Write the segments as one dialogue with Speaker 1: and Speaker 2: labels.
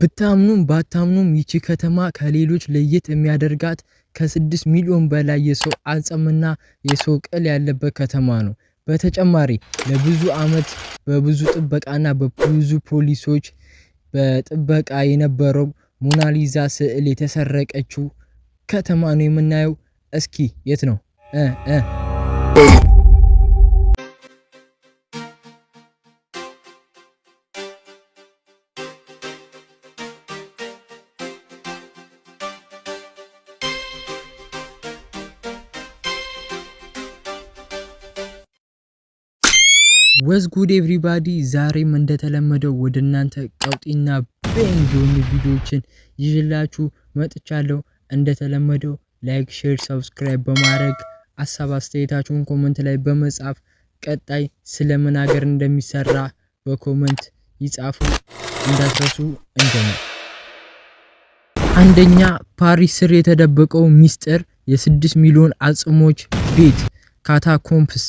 Speaker 1: ብታምኑም ባታምኑም ይቺ ከተማ ከሌሎች ለየት የሚያደርጋት ከስድስት ሚሊዮን በላይ የሰው አጽምና የሰው ቅል ያለበት ከተማ ነው። በተጨማሪ ለብዙ ዓመት በብዙ ጥበቃና በብዙ ፖሊሶች በጥበቃ የነበረው ሞናሊዛ ስዕል የተሰረቀችው ከተማ ነው የምናየው። እስኪ የት ነው? ወዝ ጉድ ኤቭሪባዲ ዛሬም እንደተለመደው ወደ እናንተ ቀውጢና ቤንግ የሆኑ ቪዲዮዎችን ይዤላችሁ መጥቻለሁ። እንደተለመደው ላይክ፣ ሼር፣ ሰብስክራይብ በማድረግ አሳብ አስተያየታችሁን ኮመንት ላይ በመጻፍ ቀጣይ ስለምን ሀገር እንደሚሰራ በኮመንት ይጻፉ። እንዳትረሱ። እንጀምር። አንደኛ ፓሪስ ስር የተደበቀው ሚስጥር፣ የስድስት ሚሊዮን አጽሞች ቤት ካታኮምፕስ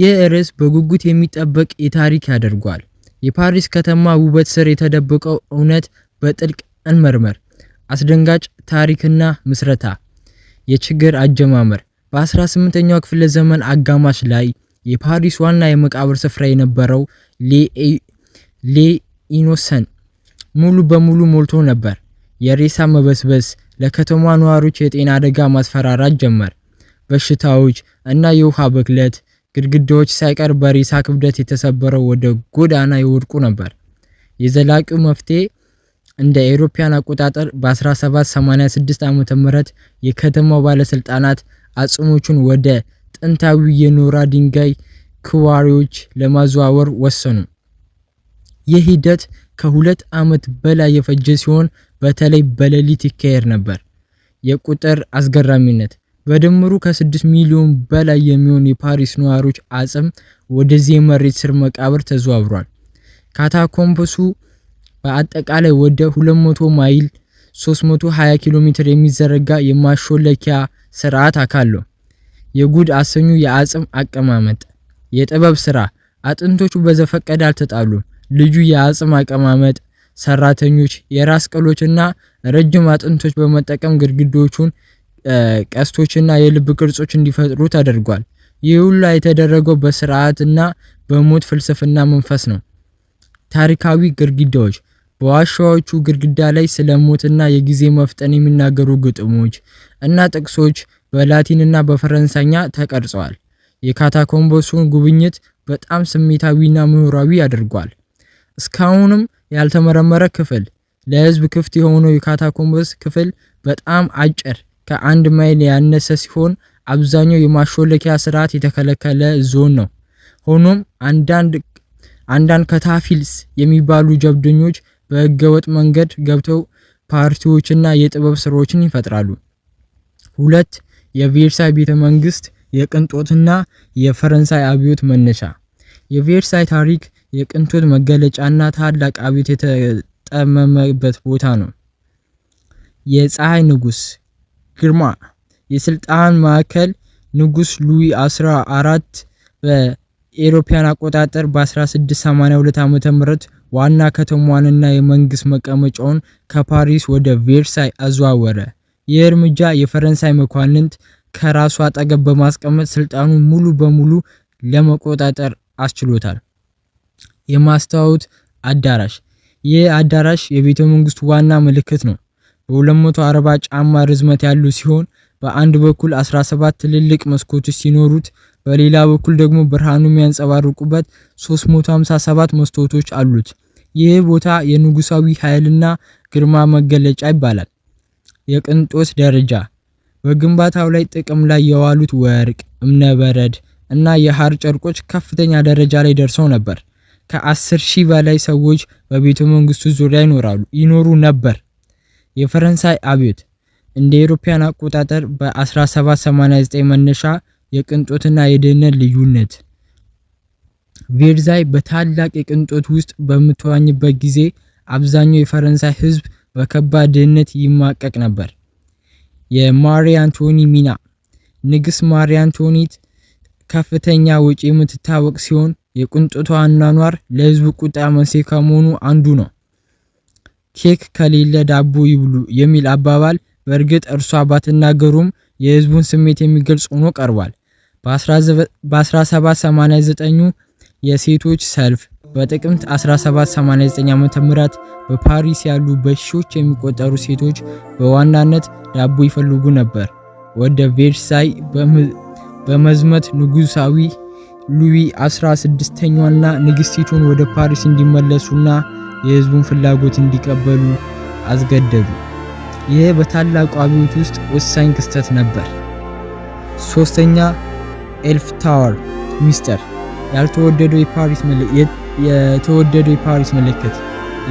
Speaker 1: ይህ ርዕስ በጉጉት የሚጠበቅ የታሪክ ያደርጓል። የፓሪስ ከተማ ውበት ስር የተደበቀው እውነት በጥልቅ እንመርመር። አስደንጋጭ ታሪክና ምስረታ የችግር አጀማመር በ18ኛው ክፍለ ዘመን አጋማሽ ላይ የፓሪስ ዋና የመቃብር ስፍራ የነበረው ሌ ኢኖሰን ሙሉ በሙሉ ሞልቶ ነበር። የሬሳ መበስበስ ለከተማ ነዋሪዎች የጤና አደጋ ማስፈራራት ጀመር። በሽታዎች እና የውሃ ብክለት ግድግዳዎች ሳይቀር በሬሳ ክብደት የተሰበረው ወደ ጎዳና ይወድቁ ነበር። የዘላቂው መፍትሄ እንደ ኤሮፓያን አቆጣጠር በ1786 ዓ ም የከተማው ባለሥልጣናት አጽሞቹን ወደ ጥንታዊ የኖራ ድንጋይ ክዋሪዎች ለማዘዋወር ወሰኑ። ይህ ሂደት ከሁለት ዓመት በላይ የፈጀ ሲሆን በተለይ በሌሊት ይካሄድ ነበር። የቁጥር አስገራሚነት በድምሩ ከ6 ሚሊዮን በላይ የሚሆን የፓሪስ ነዋሪዎች አጽም ወደዚህ የመሬት ስር መቃብር ተዘዋብሯል። ካታኮምፕሱ በአጠቃላይ ወደ 200 ማይል 320 ኪሎ ሜትር የሚዘረጋ የማሾለኪያ ስርዓት አካል ነው። የጉድ አሰኙ የአጽም አቀማመጥ የጥበብ ስራ አጥንቶቹ በዘፈቀደ አልተጣሉም። ልዩ የአጽም አቀማመጥ ሰራተኞች የራስ ቅሎችና ረጅም አጥንቶች በመጠቀም ግድግዳዎቹን ቀስቶችና የልብ ቅርጾች እንዲፈጥሩ ተደርጓል። ይህ ሁሉ የተደረገው በስርዓትና በሞት ፍልስፍና መንፈስ ነው። ታሪካዊ ግድግዳዎች በዋሻዎቹ ግድግዳ ላይ ስለ ሞትና የጊዜ መፍጠን የሚናገሩ ግጥሞች እና ጥቅሶች በላቲንና በፈረንሳይኛ ተቀርጸዋል። የካታኮምቦሱን ጉብኝት በጣም ስሜታዊና ምሁራዊ ያደርጓል። እስካሁንም ያልተመረመረ ክፍል ለህዝብ ክፍት የሆነው የካታኮምቦስ ክፍል በጣም አጭር ከአንድ ማይል ያነሰ ሲሆን አብዛኛው የማሾለኪያ ስርዓት የተከለከለ ዞን ነው። ሆኖም አንዳንድ አንዳንድ ከታፊልስ የሚባሉ ጀብደኞች በህገወጥ መንገድ ገብተው ፓርቲዎችና የጥበብ ስራዎችን ይፈጥራሉ። ሁለት የቬርሳይ ቤተ መንግስት የቅንጦትና የፈረንሳይ አብዮት መነሻ። የቬርሳይ ታሪክ የቅንጦት መገለጫና ታላቅ አብዮት የተጠመመበት ቦታ ነው። የፀሐይ ንጉስ ግርማ የስልጣን ማዕከል ንጉስ ሉዊ 14 በኤሮፓያን አቆጣጠር በ1682 ዓ ም ዋና ከተማዋንና የመንግስት መቀመጫውን ከፓሪስ ወደ ቬርሳይ አዘዋወረ። ይህ እርምጃ የፈረንሳይ መኳንንት ከራሱ አጠገብ በማስቀመጥ ስልጣኑን ሙሉ በሙሉ ለመቆጣጠር አስችሎታል። የማስታወት አዳራሽ ይህ አዳራሽ የቤተ መንግስቱ ዋና ምልክት ነው። በ240 ጫማ ርዝመት ያሉ ሲሆን በአንድ በኩል 17 ትልልቅ መስኮቶች ሲኖሩት በሌላ በኩል ደግሞ ብርሃኑ የሚያንጸባርቁበት 357 መስኮቶች አሉት። ይህ ቦታ የንጉሳዊ ኃይልና ግርማ መገለጫ ይባላል። የቅንጦት ደረጃ በግንባታው ላይ ጥቅም ላይ የዋሉት ወርቅ፣ እብነበረድ እና የሐር ጨርቆች ከፍተኛ ደረጃ ላይ ደርሰው ነበር። ከ10 ሺህ በላይ ሰዎች በቤተ መንግስቱ ዙሪያ ይኖራሉ ይኖሩ ነበር። የፈረንሳይ አብዮት እንደ አውሮፓውያን አቆጣጠር በ1789 መነሻ የቅንጦትና የድህነት ልዩነት ቬርዛይ በታላቅ የቅንጦት ውስጥ በምትዋኝበት ጊዜ አብዛኛው የፈረንሳይ ህዝብ በከባድ ድህነት ይማቀቅ ነበር። የማሪ አንቶኒ ሚና ንግስት ማሪ አንቶኒት ከፍተኛ ወጪ የምትታወቅ ሲሆን የቅንጦቷ አኗኗር ለሕዝቡ ቁጣ መንስኤ ከመሆኑ አንዱ ነው። ኬክ ከሌለ ዳቦ ይብሉ የሚል አባባል በእርግጥ እርሱ ባትናገሩም የህዝቡን ስሜት የሚገልጽ ሆኖ ቀርቧል። በ1789 የሴቶች ሰልፍ በጥቅምት 1789 ም በፓሪስ ያሉ በሺዎች የሚቆጠሩ ሴቶች በዋናነት ዳቦ ይፈልጉ ነበር። ወደ ቬርሳይ በመዝመት ንጉሳዊ ሉዊ 16ኛዋና ንግሥቲቱን ወደ ፓሪስ እንዲመለሱና የህዝቡን ፍላጎት እንዲቀበሉ አስገደዱ። ይህ በታላቁ አብዮት ውስጥ ወሳኝ ክስተት ነበር። ሶስተኛ ኤልፍ ታወር ሚስጥር፣ ያልተወደደው የፓሪስ ምልክት፣ የተወደደው የፓሪስ ምልክት።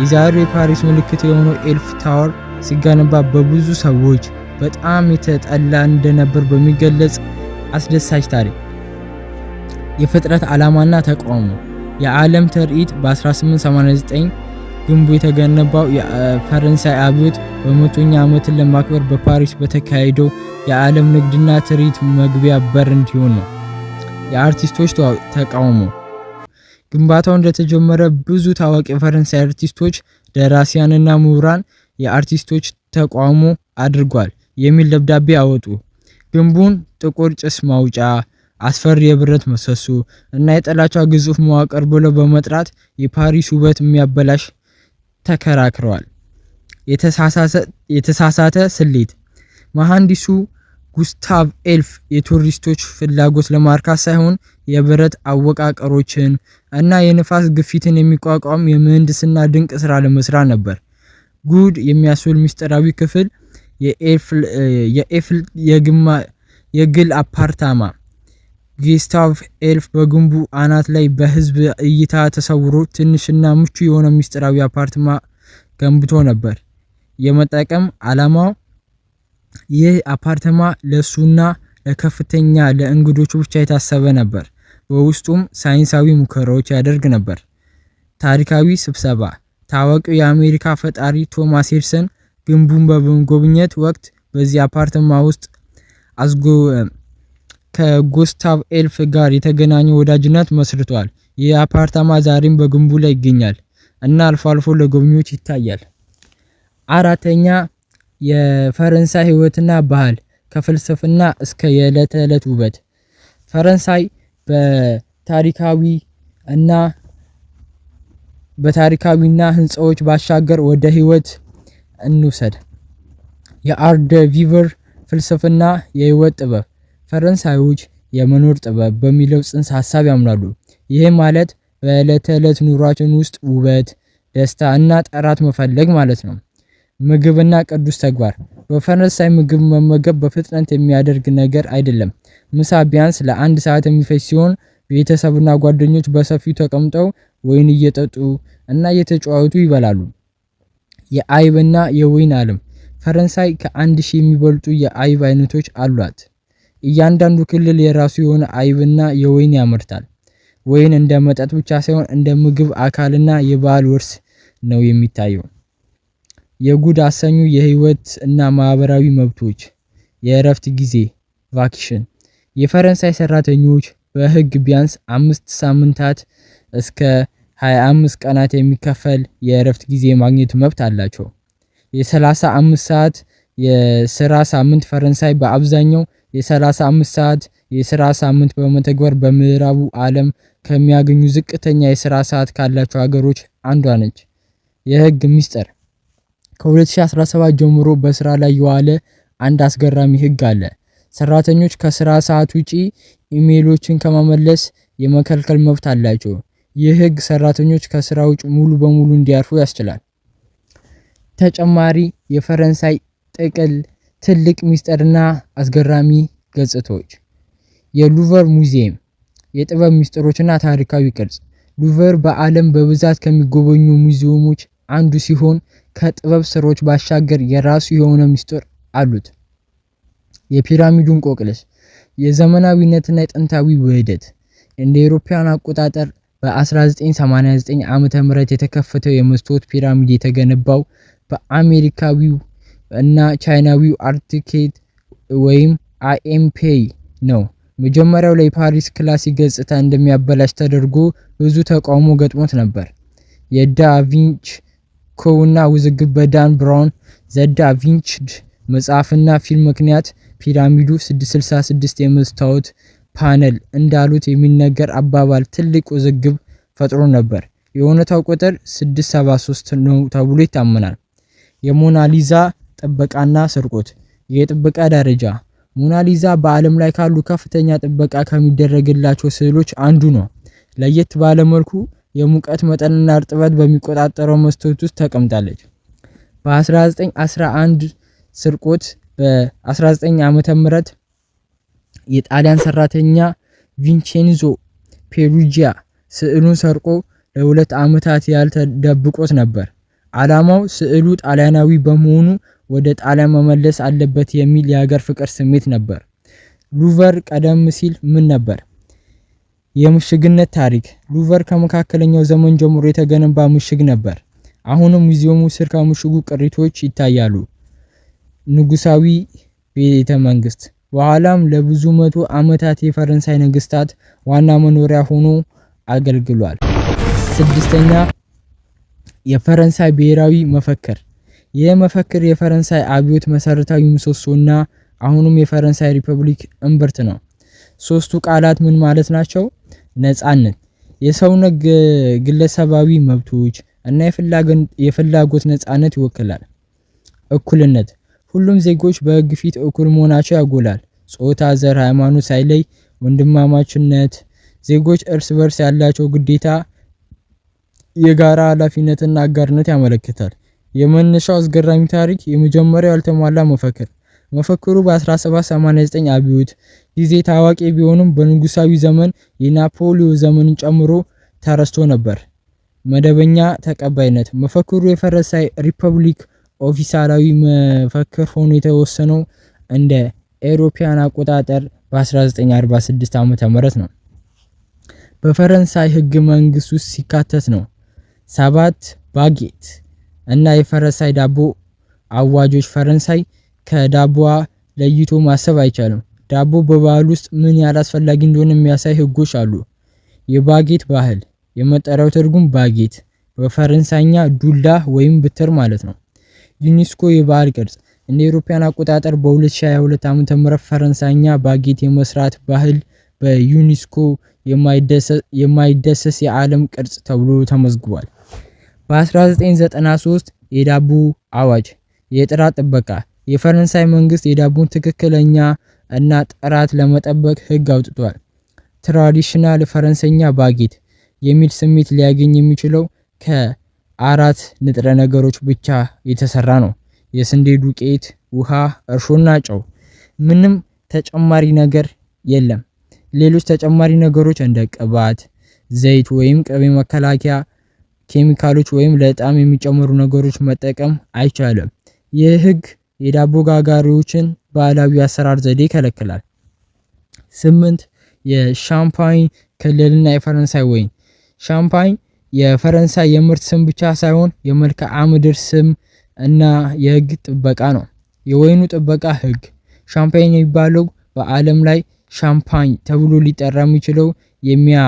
Speaker 1: የዛሬው የፓሪስ ምልክት የሆነው ኤልፍ ታወር ሲገነባ በብዙ ሰዎች በጣም የተጠላ እንደነበር በሚገለጽ አስደሳች ታሪክ የፍጥረት ዓላማና ተቃውሞ የዓለም ትርኢት በ1889 ግንቡ የተገነባው የፈረንሳይ አብዮት በመቶኛ ዓመትን ለማክበር በፓሪስ በተካሄደው የዓለም ንግድና ትርኢት መግቢያ በር እንዲሆን ነው። የአርቲስቶች ተቃውሞ ግንባታው እንደተጀመረ ብዙ ታዋቂ የፈረንሳይ አርቲስቶች፣ ደራሲያንና ምሁራን የአርቲስቶች ተቃውሞ አድርጓል የሚል ደብዳቤ አወጡ። ግንቡን ጥቁር ጭስ ማውጫ አስፈሪ የብረት ምሰሶ እና የጥላቻ ግዙፍ መዋቅር ብለው በመጥራት የፓሪስ ውበት የሚያበላሽ ተከራክረዋል። የተሳሳተ ስሌት መሐንዲሱ ጉስታቭ ኤልፍ የቱሪስቶች ፍላጎት ለማርካት ሳይሆን የብረት አወቃቀሮችን እና የንፋስ ግፊትን የሚቋቋም የምህንድስና ድንቅ ስራ ለመስራት ነበር። ጉድ የሚያስብል ምስጢራዊ ክፍል የኤፍል የግል አፓርታማ ጌስታቭ ኤልፍ በግንቡ አናት ላይ በህዝብ እይታ ተሰውሮ ትንሽና ምቹ የሆነ ምስጢራዊ አፓርትማ ገንብቶ ነበር። የመጠቀም ዓላማው ይህ አፓርትማ ለእሱና ለከፍተኛ ለእንግዶቹ ብቻ የታሰበ ነበር። በውስጡም ሳይንሳዊ ሙከራዎች ያደርግ ነበር። ታሪካዊ ስብሰባ ታዋቂው የአሜሪካ ፈጣሪ ቶማስ ሄድሰን ግንቡን በመጎብኘት ወቅት በዚህ አፓርትማ ውስጥ አስጎ ከጉስታቭ ኤልፍ ጋር የተገናኘ ወዳጅነት መስርቷል። ይህ አፓርታማ ዛሬም በግንቡ ላይ ይገኛል እና አልፎ አልፎ ለጎብኚዎች ይታያል። አራተኛ የፈረንሳይ ህይወትና ባህል ከፍልስፍና እስከ የዕለት ተዕለት ውበት። ፈረንሳይ በታሪካዊ እና በታሪካዊና ህንፃዎች ባሻገር ወደ ህይወት እንውሰድ። የአርደ ቪቨር ፍልስፍና የህይወት ጥበብ ፈረንሳዮች የመኖር ጥበብ በሚለው ጽንሰ ሀሳብ ያምናሉ። ይህ ማለት በዕለት ተዕለት ኑሯችን ውስጥ ውበት፣ ደስታ እና ጥራት መፈለግ ማለት ነው። ምግብና ቅዱስ ተግባር በፈረንሳይ ምግብ መመገብ በፍጥነት የሚያደርግ ነገር አይደለም። ምሳ ቢያንስ ለአንድ ሰዓት የሚፈጅ ሲሆን ቤተሰብና ጓደኞች በሰፊው ተቀምጠው ወይን እየጠጡ እና እየተጫወቱ ይበላሉ። የአይብና የወይን ዓለም ፈረንሳይ ከአንድ ሺህ የሚበልጡ የአይብ አይነቶች አሏት። እያንዳንዱ ክልል የራሱ የሆነ አይብና የወይን ያመርታል። ወይን እንደ መጠጥ ብቻ ሳይሆን እንደ ምግብ አካልና የባህል ውርስ ነው የሚታየው። የጉድ አሰኙ የህይወት እና ማህበራዊ መብቶች፣ የእረፍት ጊዜ ቫኬሽን። የፈረንሳይ ሰራተኞች በህግ ቢያንስ አምስት ሳምንታት እስከ 25 ቀናት የሚከፈል የእረፍት ጊዜ ማግኘት መብት አላቸው። የ35 ሰዓት የስራ ሳምንት ፈረንሳይ በአብዛኛው የ35 ሰዓት የስራ ሳምንት በመተግበር በምዕራቡ ዓለም ከሚያገኙ ዝቅተኛ የስራ ሰዓት ካላቸው ሀገሮች አንዷ ነች። የህግ ሚስጥር ከ2017 ጀምሮ በስራ ላይ የዋለ አንድ አስገራሚ ህግ አለ። ሰራተኞች ከስራ ሰዓት ውጪ ኢሜይሎችን ከመመለስ የመከልከል መብት አላቸው። ይህ ህግ ሰራተኞች ከስራ ውጭ ሙሉ በሙሉ እንዲያርፉ ያስችላል። ተጨማሪ የፈረንሳይ ጥቅል ትልቅ ሚስጥርና አስገራሚ ገጽታዎች የሉቨር ሙዚየም የጥበብ ሚስጥሮችና ታሪካዊ ቅርጽ ሉቨር በዓለም በብዛት ከሚጎበኙ ሙዚየሞች አንዱ ሲሆን ከጥበብ ስራዎች ባሻገር የራሱ የሆነ ሚስጥር አሉት። የፒራሚዱ እንቆቅልሽ የዘመናዊነትና የጥንታዊ ውህደት እንደ አውሮፓውያን አቆጣጠር በ1989 ዓ.ም የተከፈተው የመስታወት ፒራሚድ የተገነባው በአሜሪካዊው እና ቻይናዊው አርቲኬት ወይም አኤምፔይ ነው። መጀመሪያው ላይ ፓሪስ ክላሲክ ገጽታ እንደሚያበላሽ ተደርጎ ብዙ ተቃውሞ ገጥሞት ነበር። የዳቪንች ኮውና ውዝግብ በዳን ብራውን ዘዳቪንች መጽሐፍና ፊልም ምክንያት ፒራሚዱ 666 የመስታወት ፓነል እንዳሉት የሚነገር አባባል ትልቅ ውዝግብ ፈጥሮ ነበር። የእውነታው ቁጥር 673 ነው ተብሎ ይታመናል። የሞናሊዛ ጥበቃና ስርቆት የጥበቃ ደረጃ ሞናሊዛ በዓለም ላይ ካሉ ከፍተኛ ጥበቃ ከሚደረግላቸው ስዕሎች አንዱ ነው። ለየት ባለ መልኩ የሙቀት መጠንና እርጥበት በሚቆጣጠረው መስታወት ውስጥ ተቀምጣለች። በ1911 ስርቆት በ19 ዓመተ ምህረት የጣሊያን ሰራተኛ ቪንቼንዞ ፔሩጂያ ስዕሉን ሰርቆ ለሁለት ዓመታት ያህል ተደብቆት ነበር። ዓላማው ስዕሉ ጣሊያናዊ በመሆኑ ወደ ጣሊያን መመለስ አለበት የሚል የሀገር ፍቅር ስሜት ነበር። ሉቨር ቀደም ሲል ምን ነበር? የምሽግነት ታሪክ። ሉቨር ከመካከለኛው ዘመን ጀምሮ የተገነባ ምሽግ ነበር። አሁንም ሙዚየሙ ስር ከምሽጉ ቅሪቶች ይታያሉ። ንጉሳዊ ቤተ መንግስት በኋላም ለብዙ መቶ ዓመታት የፈረንሳይ ነገስታት ዋና መኖሪያ ሆኖ አገልግሏል። ስድስተኛ የፈረንሳይ ብሔራዊ መፈክር ይህ መፈክር የፈረንሳይ አብዮት መሰረታዊ ምሰሶና አሁኑም የፈረንሳይ ሪፐብሊክ እምብርት ነው። ሶስቱ ቃላት ምን ማለት ናቸው? ነጻነት፣ የሰውነት ግለሰባዊ መብቶች እና የፍላጎት ነጻነት ይወክላል። እኩልነት፣ ሁሉም ዜጎች በህግ ፊት እኩል መሆናቸው ያጎላል። ጾታ፣ ዘር፣ ሃይማኖት ሳይለይ ወንድማማችነት፣ ዜጎች እርስ በርስ ያላቸው ግዴታ የጋራ ኃላፊነትና አጋርነት ያመለክታል። የመነሻው አስገራሚ ታሪክ የመጀመሪያው ያልተሟላ መፈክር መፈክሩ በ1789 አብዮት ጊዜ ታዋቂ ቢሆንም በንጉሳዊ ዘመን የናፖሊዮ ዘመንን ጨምሮ ተረስቶ ነበር። መደበኛ ተቀባይነት መፈክሩ የፈረንሳይ ሪፐብሊክ ኦፊሳላዊ መፈክር ሆኖ የተወሰነው እንደ ኤሮፓያን አቆጣጠር በ1946 ዓ.ም ነው። በፈረንሳይ ህግ መንግስት ውስጥ ሲካተት ነው። ሰባት ባጌት እና የፈረንሳይ ዳቦ አዋጆች ፈረንሳይ ከዳቦዋ ለይቶ ማሰብ አይቻልም። ዳቦ በባህል ውስጥ ምን ያህል አስፈላጊ እንደሆነ የሚያሳይ ህጎች አሉ። የባጌት ባህል የመጠሪያው ትርጉም ባጌት በፈረንሳይኛ ዱላ ወይም ብትር ማለት ነው። ዩኒስኮ የባህል ቅርጽ እንደ አውሮፓውያን አቆጣጠር በ2022 ም ፈረንሳይኛ ባጌት የመስራት ባህል በዩኒስኮ የማይደሰስ የዓለም ቅርጽ ተብሎ ተመዝግቧል። በ1993 የዳቦ አዋጅ የጥራት ጥበቃ የፈረንሳይ መንግስት የዳቦን ትክክለኛ እና ጥራት ለመጠበቅ ህግ አውጥቷል። ትራዲሽናል ፈረንሳይኛ ባጌት የሚል ስሜት ሊያገኝ የሚችለው ከአራት ንጥረ ነገሮች ብቻ የተሰራ ነው። የስንዴ ዱቄት፣ ውሃ፣ እርሾና ጨው። ምንም ተጨማሪ ነገር የለም። ሌሎች ተጨማሪ ነገሮች እንደ ቅባት፣ ዘይት ወይም ቅቤ መከላከያ ኬሚካሎች ወይም ለጣዕም የሚጨምሩ ነገሮች መጠቀም አይቻልም። ይህ ህግ የዳቦ ጋጋሪዎችን ባህላዊ አሰራር ዘዴ ይከለክላል። ስምንት የሻምፓኝ ክልልና የፈረንሳይ ወይን ሻምፓኝ የፈረንሳይ የምርት ስም ብቻ ሳይሆን የመልክዓ ምድር ስም እና የህግ ጥበቃ ነው። የወይኑ ጥበቃ ህግ ሻምፓኝ የሚባለው በዓለም ላይ ሻምፓኝ ተብሎ ሊጠራ የሚችለው የሚያ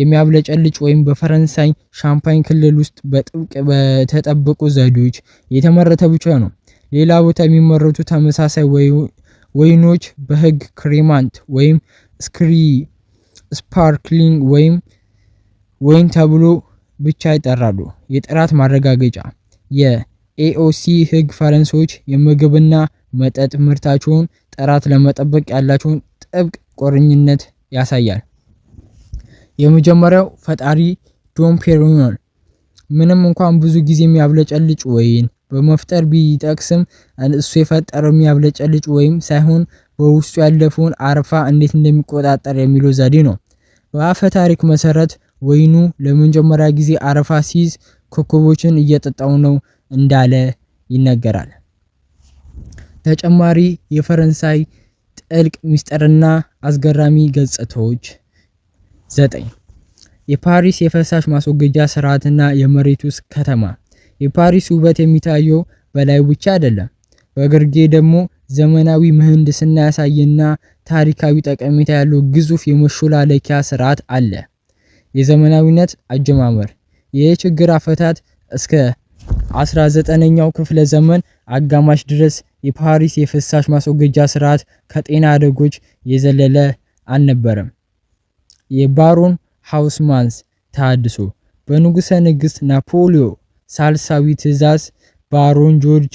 Speaker 1: የሚያብለጨልጭ ወይም በፈረንሳይ ሻምፓኝ ክልል ውስጥ በጥብቅ በተጠበቁ ዘዴዎች የተመረተ ብቻ ነው። ሌላ ቦታ የሚመረቱ ተመሳሳይ ወይኖች በህግ ክሬማንት ወይም ስክሪ ስፓርክሊንግ ወይም ወይን ተብሎ ብቻ ይጠራሉ። የጥራት ማረጋገጫ የኤኦሲ ህግ ፈረንሳዮች የምግብና መጠጥ ምርታቸውን ጥራት ለመጠበቅ ያላቸውን ጥብቅ ቁርኝነት ያሳያል። የመጀመሪያው ፈጣሪ ዶም ፔሪኞን ምንም እንኳን ብዙ ጊዜ የሚያብለጨልጭ ወይን በመፍጠር ቢጠቅስም እሱ የፈጠረው የሚያብለጨልጭ ወይም ሳይሆን በውስጡ ያለፈውን አረፋ እንዴት እንደሚቆጣጠር የሚለው ዘዴ ነው። በአፈ ታሪክ መሰረት ወይኑ ለመጀመሪያ ጊዜ አረፋ ሲይዝ ኮከቦችን እየጠጣው ነው እንዳለ ይነገራል። ተጨማሪ የፈረንሳይ ጥልቅ ምስጢርና አስገራሚ ገጽታዎች ዘጠኝ የፓሪስ የፈሳሽ ማስወገጃ ስርዓትና የመሬት ውስጥ ከተማ። የፓሪስ ውበት የሚታየው በላይ ብቻ አይደለም፣ በግርጌ ደግሞ ዘመናዊ ምህንድስና ያሳየና ታሪካዊ ጠቀሜታ ያለው ግዙፍ የመሾላለኪያ ስርዓት አለ። የዘመናዊነት አጀማመር። ይህ ችግር አፈታት እስከ 19ኛው ክፍለ ዘመን አጋማሽ ድረስ የፓሪስ የፍሳሽ ማስወገጃ ስርዓት ከጤና አደጎች የዘለለ አልነበረም። የባሮን ሃውስማንስ ተሃድሶ በንጉሠ ነገሥት ናፖሊዮ ሳልሳዊ ትእዛዝ ባሮን ጆርጅ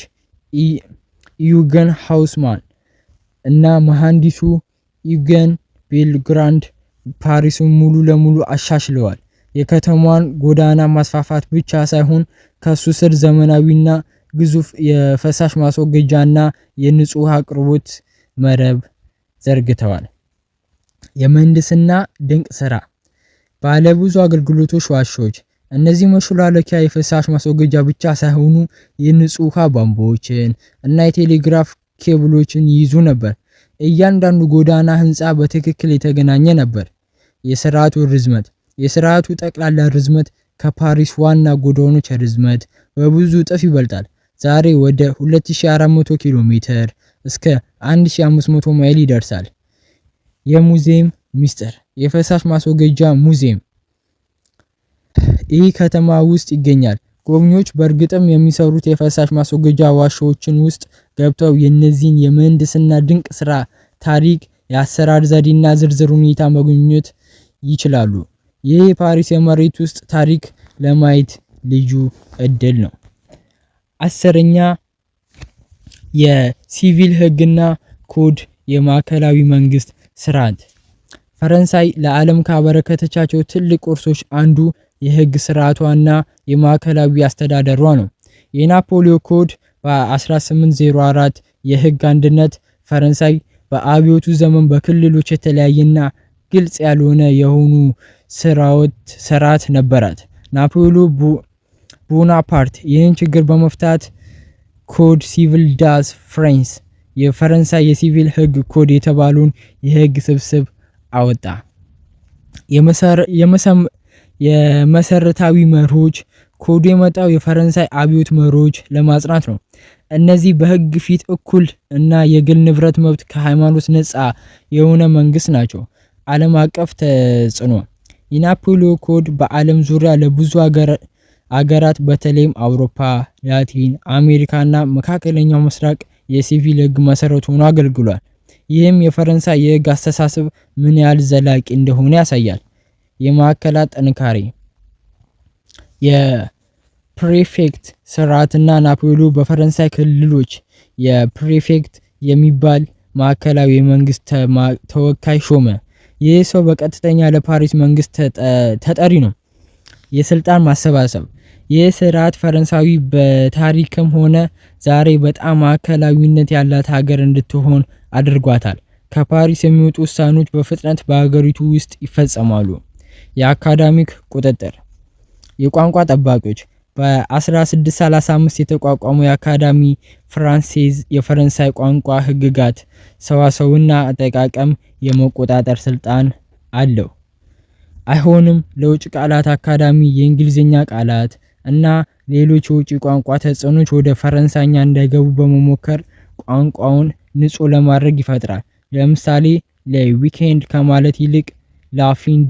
Speaker 1: ኢዩገን ሃውስማን እና መሐንዲሱ ኢዩገን ቤልግራንድ ፓሪስን ሙሉ ለሙሉ አሻሽለዋል። የከተማዋን ጎዳና ማስፋፋት ብቻ ሳይሆን ከሱ ስር ዘመናዊና ግዙፍ የፈሳሽ ማስወገጃና የንጹህ አቅርቦት መረብ ዘርግተዋል። የምህንድስና ድንቅ ስራ፣ ባለብዙ አገልግሎቶች ዋሾች። እነዚህ መሿለኪያ የፍሳሽ ማስወገጃ ብቻ ሳይሆኑ የንጹህ ውሃ ቧንቧዎችን እና የቴሌግራፍ ኬብሎችን ይይዙ ነበር። እያንዳንዱ ጎዳና ህንፃ በትክክል የተገናኘ ነበር። የስርዓቱ ርዝመት የስርዓቱ ጠቅላላ ርዝመት ከፓሪስ ዋና ጎዳኖች ርዝመት በብዙ እጥፍ ይበልጣል። ዛሬ ወደ 2400 ኪሎ ሜትር እስከ 1500 ማይል ይደርሳል። የሙዚየም ሚስጥር የፈሳሽ ማስወገጃ ሙዚየም ይህ ከተማ ውስጥ ይገኛል። ጎብኚዎች በእርግጥም የሚሰሩት የፈሳሽ ማስወገጃ ዋሻዎችን ውስጥ ገብተው የእነዚህን የምህንድስና ድንቅ ስራ ታሪክ፣ የአሰራር ዘዴና ዝርዝር ሁኔታ መጎብኘት ይችላሉ። ይህ የፓሪስ የመሬት ውስጥ ታሪክ ለማየት ልዩ እድል ነው። አስረኛ የሲቪል ህግና ኮድ የማዕከላዊ መንግስት ስርዓት ፈረንሳይ ለዓለም ካበረከተቻቸው ትልቅ ቁርሶች አንዱ የህግ ስርዓቷና የማዕከላዊ አስተዳደሯ ነው። የናፖሊዮ ኮድ በ1804 የህግ አንድነት ፈረንሳይ በአብዮቱ ዘመን በክልሎች የተለያየና ግልጽ ያልሆነ የሆኑ ስራዎት ስርዓት ነበራት። ናፖሊዮ ቡናፓርት ይህን ችግር በመፍታት ኮድ ሲቪል ዳስ ፍሬንስ የፈረንሳይ የሲቪል ህግ ኮድ የተባሉን የህግ ስብስብ አወጣ። የመሰረታዊ መርሆች ኮዱ የመጣው የፈረንሳይ አብዮት መርሆች ለማጽናት ነው። እነዚህ በህግ ፊት እኩል እና የግል ንብረት መብት ከሃይማኖት ነፃ የሆነ መንግስት ናቸው። ዓለም አቀፍ ተጽዕኖ የናፖሊዮ ኮድ በዓለም ዙሪያ ለብዙ አገራት በተለይም አውሮፓ፣ ላቲን አሜሪካና መካከለኛው ምስራቅ የሲቪል ህግ መሰረት ሆኖ አገልግሏል። ይህም የፈረንሳይ የህግ አስተሳሰብ ምን ያህል ዘላቂ እንደሆነ ያሳያል። የማዕከላት ጥንካሬ የፕሬፌክት ስርዓትና ናፖሊ በፈረንሳይ ክልሎች የፕሬፌክት የሚባል ማዕከላዊ የመንግስት ተወካይ ሾመ። ይህ ሰው በቀጥተኛ ለፓሪስ መንግስት ተጠሪ ነው። የስልጣን ማሰባሰብ ይህ ስርዓት ፈረንሳዊ በታሪክም ሆነ ዛሬ በጣም ማዕከላዊነት ያላት ሀገር እንድትሆን አድርጓታል። ከፓሪስ የሚወጡ ውሳኔዎች በፍጥነት በሀገሪቱ ውስጥ ይፈጸማሉ። የአካዳሚክ ቁጥጥር፣ የቋንቋ ጠባቂዎች በ1635 የተቋቋመው የአካዳሚ ፍራንሴዝ የፈረንሳይ ቋንቋ ህግጋት ሰዋሰውና አጠቃቀም የመቆጣጠር ስልጣን አለው። አይሆንም ለውጭ ቃላት አካዳሚ የእንግሊዝኛ ቃላት እና ሌሎች የውጭ ቋንቋ ተጽዕኖች ወደ ፈረንሳይኛ እንዳይገቡ በመሞከር ቋንቋውን ንጹህ ለማድረግ ይፈጥራል። ለምሳሌ ለዊኬንድ ከማለት ይልቅ ላፊን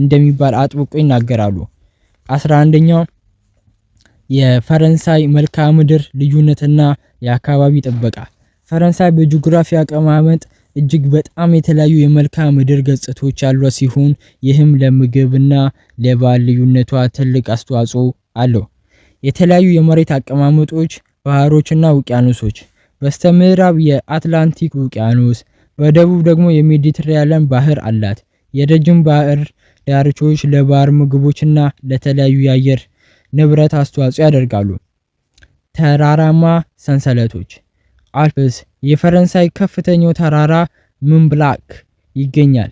Speaker 1: እንደሚባል አጥብቆ ይናገራሉ። አስራ አንደኛው የፈረንሳይ መልክዓ ምድር ልዩነትና የአካባቢ ጥበቃ። ፈረንሳይ በጂኦግራፊ አቀማመጥ እጅግ በጣም የተለያዩ የመልክዓ ምድር ገጽቶች ያሏት ሲሆን ይህም ለምግብና ለባህል ልዩነቷ ትልቅ አስተዋጽኦ አለው። የተለያዩ የመሬት አቀማመጦች፣ ባህሮችና ውቅያኖሶች በስተ ምዕራብ የአትላንቲክ ውቅያኖስ፣ በደቡብ ደግሞ የሜዲትራኒያን ባህር አላት። የረጅም ባህር ዳርቻዎች ለባህር ምግቦችና ለተለያዩ የአየር ንብረት አስተዋጽኦ ያደርጋሉ። ተራራማ ሰንሰለቶች አልፕስ የፈረንሳይ ከፍተኛው ተራራ ምንብላክ ይገኛል።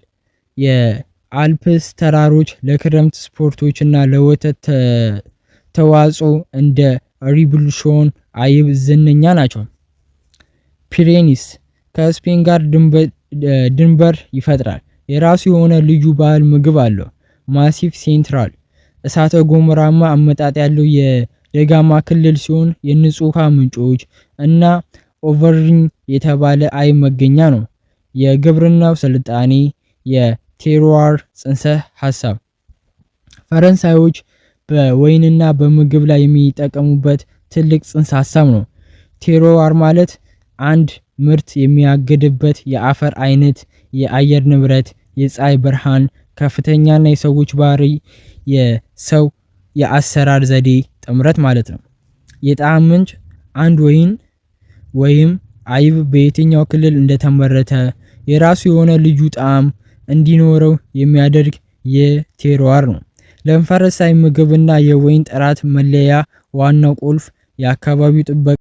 Speaker 1: የአልፕስ ተራሮች ለክረምት ስፖርቶች እና ለወተት ተዋጽኦ እንደ ሪብልሾን አይብ ዝነኛ ናቸው። ፒሬኒስ ከስፔን ጋር ድንበር ይፈጥራል። የራሱ የሆነ ልዩ ባህል ምግብ አለው። ማሲፍ ሴንትራል እሳተ ገሞራማ አመጣጥ ያለው የደጋማ ክልል ሲሆን የንጹህ ውሃ ምንጮች እና ኦቨርን የተባለ አይን መገኛ ነው። የግብርናው ስልጣኔ የቴሩዋር ጽንሰ ሐሳብ ፈረንሳዮች በወይንና በምግብ ላይ የሚጠቀሙበት ትልቅ ጽንሰ ሐሳብ ነው። ቴሩዋር ማለት አንድ ምርት የሚያገድበት የአፈር አይነት፣ የአየር ንብረት፣ የፀሐይ ብርሃን፣ ከፍተኛና የሰዎች ባህሪ፣ የሰው የአሰራር ዘዴ ጥምረት ማለት ነው። የጣዕም ምንጭ አንድ ወይን ወይም አይብ በየትኛው ክልል እንደተመረተ የራሱ የሆነ ልዩ ጣዕም እንዲኖረው የሚያደርግ የቴሮዋር ነው። ለፈረንሳይ ምግብና የወይን ጥራት መለያ ዋናው ቁልፍ የአካባቢው ጥበቃ